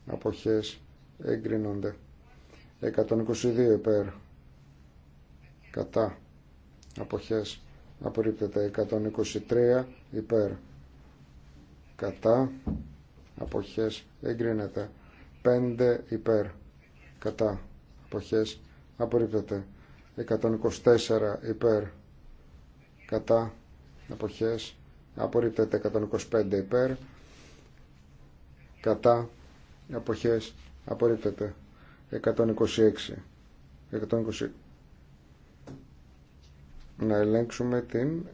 αποχές εγκρίνονται 122 υπέρ κατά αποχές απορρίπτεται 123 υπέρ κατά αποχές εγκρίνεται 5 υπέρ κατά αποχές απορρίπτεται 124 υπέρ κατά αποχές απορρίπτεται 125 υπέρ κατά αποχές απορρίπτεται 126 120 να ελέγξουμε την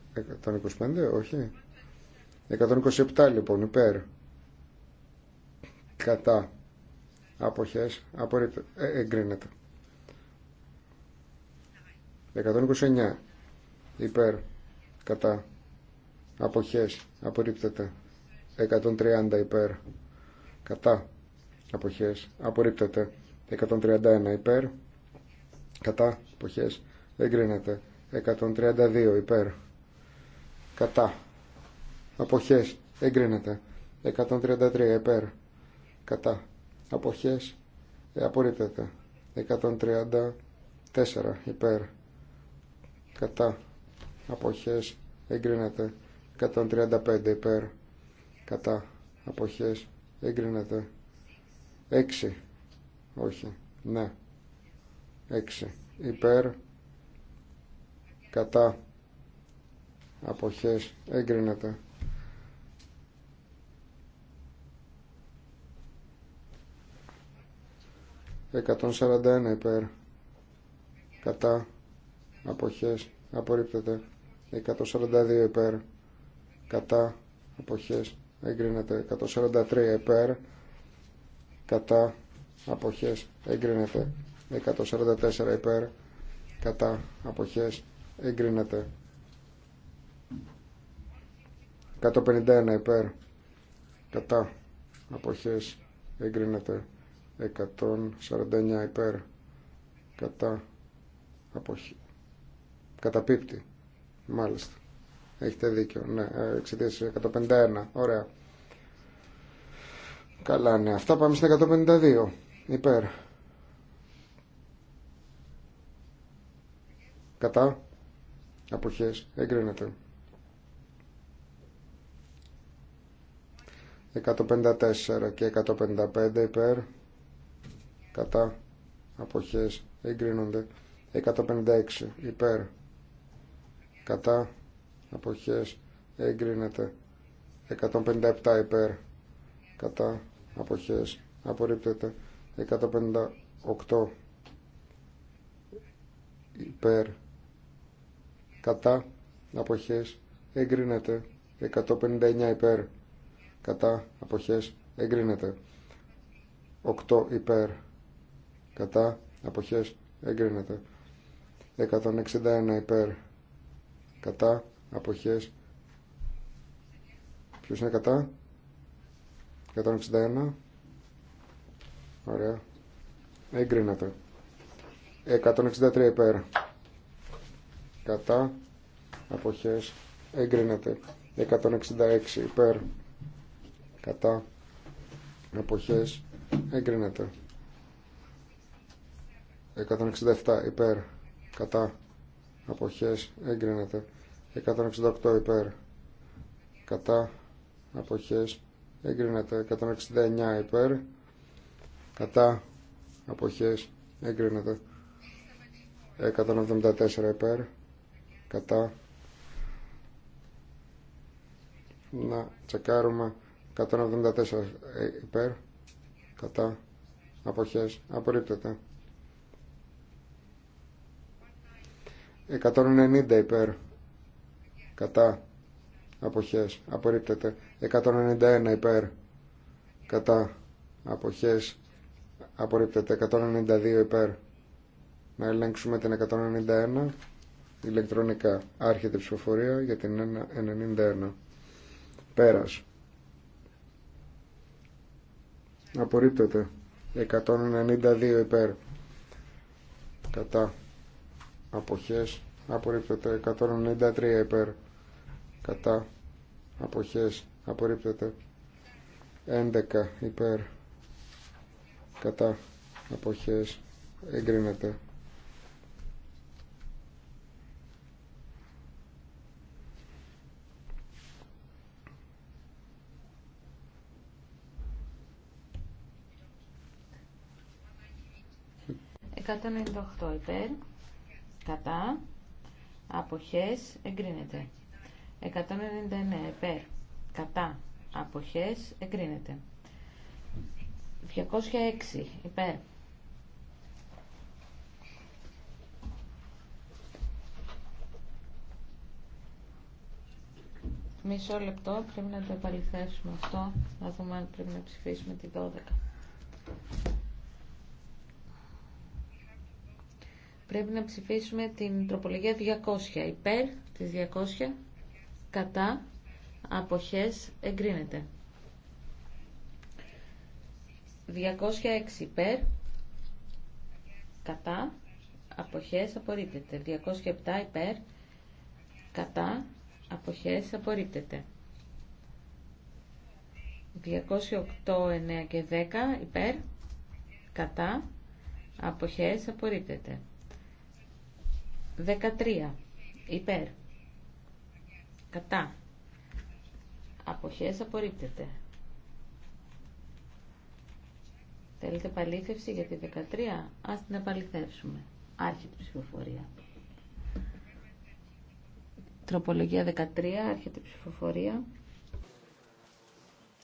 125, όχι. 127 λοιπόν υπέρ κατά αποχές απορρίπτω, ε, εγκρίνεται 129 υπέρ κατά αποχές απορρίπτεται 130 υπέρ κατά αποχές απορρίπτεται 131 υπέρ κατά αποχές εγκρίνεται 132 υπέρ κατά αποχές εγκρίνεται 133 υπέρ κατά αποχές ε, απορρίπτεται 134 υπέρ κατά αποχές εγκρίνεται 135 υπέρ κατά αποχές εγκρίνεται 6 όχι ναι 6 υπέρ κατά αποχές εγκρίνεται 141 υπέρ κατά αποχές απορρίπτεται 142 υπέρ κατά αποχές εγκρίνεται 143 υπέρ κατά αποχές εγκρίνεται 144 υπέρ κατά αποχές εγκρίνεται 151 υπέρ κατά αποχές εγκρίνεται 149 υπέρ κατά αποχή πίπτη μάλιστα έχετε δίκιο ναι, ε, εξαιτίας 151 ωραία καλά ναι αυτά πάμε στα 152 υπέρ κατά αποχές εγκρίνεται 154 και 155 υπέρ κατά αποχές εγκρίνονται 156 υπέρ κατά αποχές εγκρίνεται 157 υπέρ κατά αποχές απορρίπτεται 158 υπέρ κατά αποχές εγκρίνεται 159 υπέρ κατά αποχές εγκρίνεται 8 υπέρ κατά αποχές εγκρίνεται 161 υπέρ κατά αποχές ποιος είναι κατά 161 ωραία εγκρίνεται 163 υπέρ κατά αποχές εγκρίνεται 166 υπέρ κατά αποχές εγκρίνεται 167 υπέρ κατά αποχές εγκρίνεται 168 υπέρ κατά αποχές εγκρίνεται 169 υπέρ κατά αποχές εγκρίνεται 174 υπέρ κατά να τσεκάρουμε 174 ε, υπέρ κατά αποχές απορρίπτεται 190 υπέρ κατά αποχές απορρίπτεται 191 υπέρ κατά αποχές απορρίπτεται 192 υπέρ να ελέγξουμε την 191 ηλεκτρονικά άρχεται η ψηφοφορία για την 191. πέρας απορρίπτεται 192 υπέρ κατά αποχές απορρίπτεται 193 υπέρ κατά αποχές απορρίπτεται 11 υπέρ κατά αποχές εγκρίνεται Εκατόν υπέρ κατά, αποχές, εγκρίνεται. 199 υπέρ, κατά, αποχές, εγκρίνεται. 206 υπέρ. Μισό λεπτό, πρέπει να το επαληθέσουμε αυτό, να δούμε αν πρέπει να ψηφίσουμε τη 12. Πρέπει να ψηφίσουμε την τροπολογία 200. Υπέρ της 200 κατά αποχές εγκρίνεται. 206 υπέρ κατά αποχές απορρίπτεται. 207 υπέρ κατά αποχές απορρίπτεται. 208, 9 και 10 υπέρ κατά αποχές απορρίπτεται. 13. Υπέρ. Κατά. Αποχές απορρίπτεται. Θέλετε παλήθευση για τη 13. Ας την επαληθεύσουμε. Άρχεται η ψηφοφορία. Τροπολογία 13. Άρχεται η ψηφοφορία.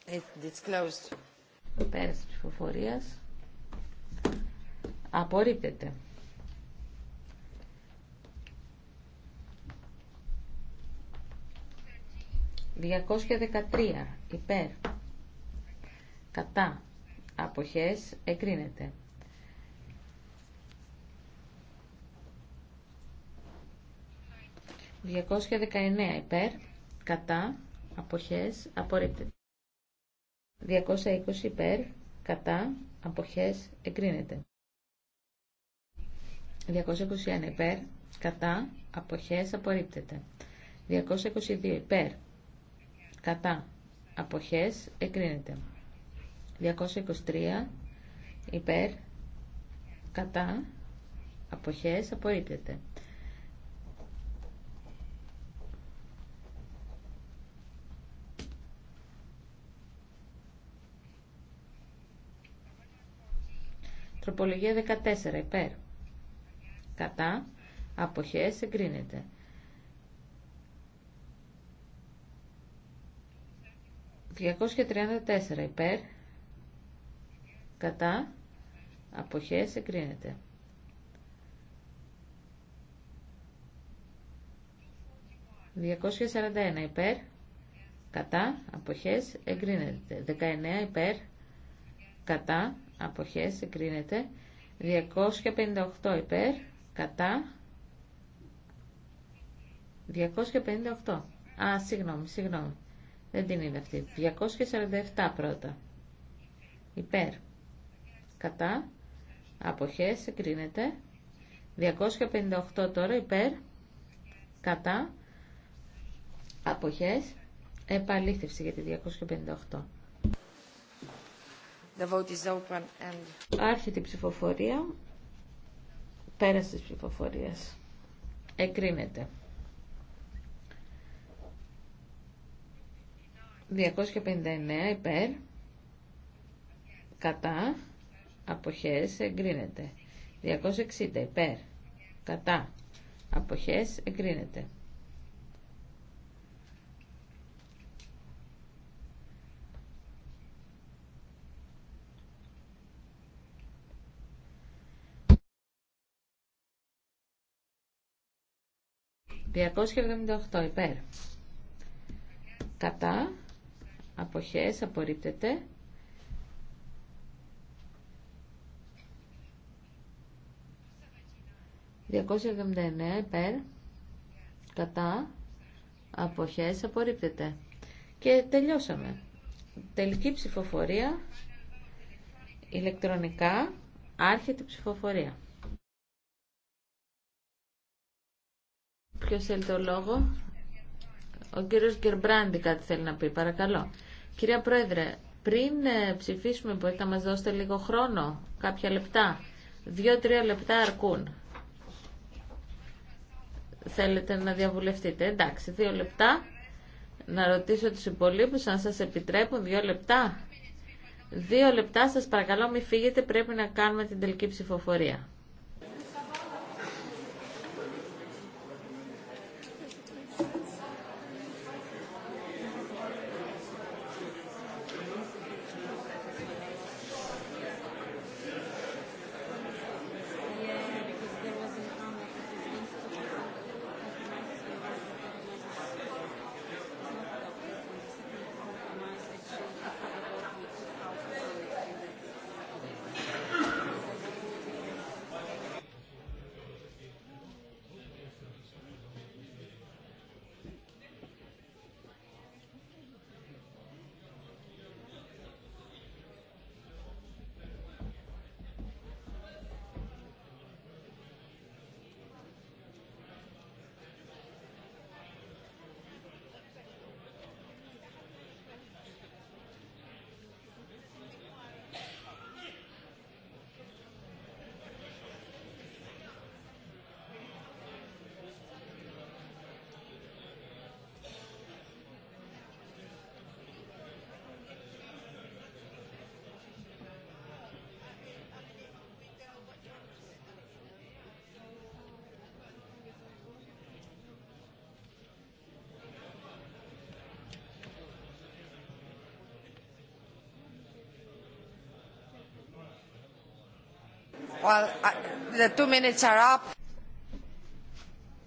It's closed. Πέρας της ψηφοφορίας. Απορρίπτεται. 213 υπέρ κατά αποχές εγκρίνεται. ...219 υπέρ, κατά, αποχές, απορρίπτεται. 220 υπέρ, κατά, αποχές, εκρίνεται. 221 υπέρ, κατά, αποχές, απορρίπτεται. 222 υπέρ, κατά αποχές εγκρίνεται 223 υπέρ κατά αποχές απορρίπτεται Τροπολογία 14 υπέρ κατά αποχές εγκρίνεται 234 υπέρ, κατά, αποχές εγκρίνεται. 241 υπέρ, κατά, αποχές εγκρίνεται. 19 υπέρ, κατά, αποχές εγκρίνεται. 258 υπέρ, κατά, 258. Α, συγγνώμη, συγγνώμη. Δεν την είναι αυτή. 247 πρώτα. Υπέρ. Κατά. Αποχές. Εκκρίνεται. 258 τώρα. Υπέρ. Κατά. Αποχές. Επαλήθευση για τη 258. The vote is open and... Άρχεται η ψηφοφορία. Πέρασε της ψηφοφορίας. Εκρίνεται. 259 υπέρ, κατά, αποχές εγκρίνεται. 260 υπέρ, κατά, αποχές εγκρίνεται. 278 υπέρ. Κατά αποχές απορρίπτεται. ...279 υπέρ, κατά, αποχές απορρίπτεται. Και τελειώσαμε. Τελική ψηφοφορία, ηλεκτρονικά, άρχεται η ψηφοφορία. Ποιος θέλει το λόγο? Ο κύριος Γκερμπράντι κάτι θέλει να πει, παρακαλώ. Κυρία Πρόεδρε, πριν ε, ψηφίσουμε, μπορείτε να μας δώσετε λίγο χρόνο, κάποια λεπτά. Δύο-τρία λεπτά αρκούν. Θέλετε να διαβουλευτείτε. Εντάξει, δύο λεπτά. Να ρωτήσω τους υπολείπους αν σας επιτρέπουν δύο λεπτά. Δύο λεπτά σας παρακαλώ μη φύγετε, πρέπει να κάνουμε την τελική ψηφοφορία.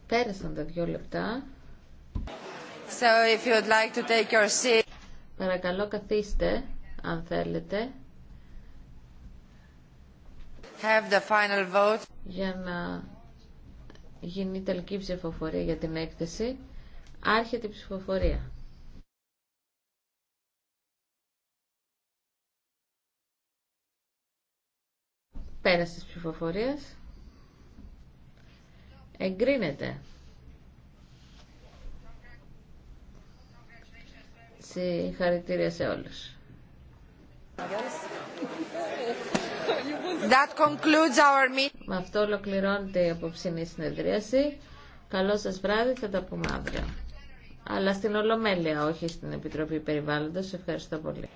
Πέρασαν τα δύο λεπτά. Παρακαλώ καθίστε, αν θέλετε. Have the final vote. Για να γίνει τελική ψηφοφορία για την έκθεση. Άρχεται η ψηφοφορία. Πέρας της ψηφοφορίας. Εγκρίνεται. Συγχαρητήρια σε όλους. That concludes our meeting. Με αυτό ολοκληρώνεται η απόψινή συνεδρίαση. Καλό σας βράδυ, θα τα πούμε αύριο. Αλλά στην Ολομέλεια, όχι στην Επιτροπή Περιβάλλοντος. Ευχαριστώ πολύ.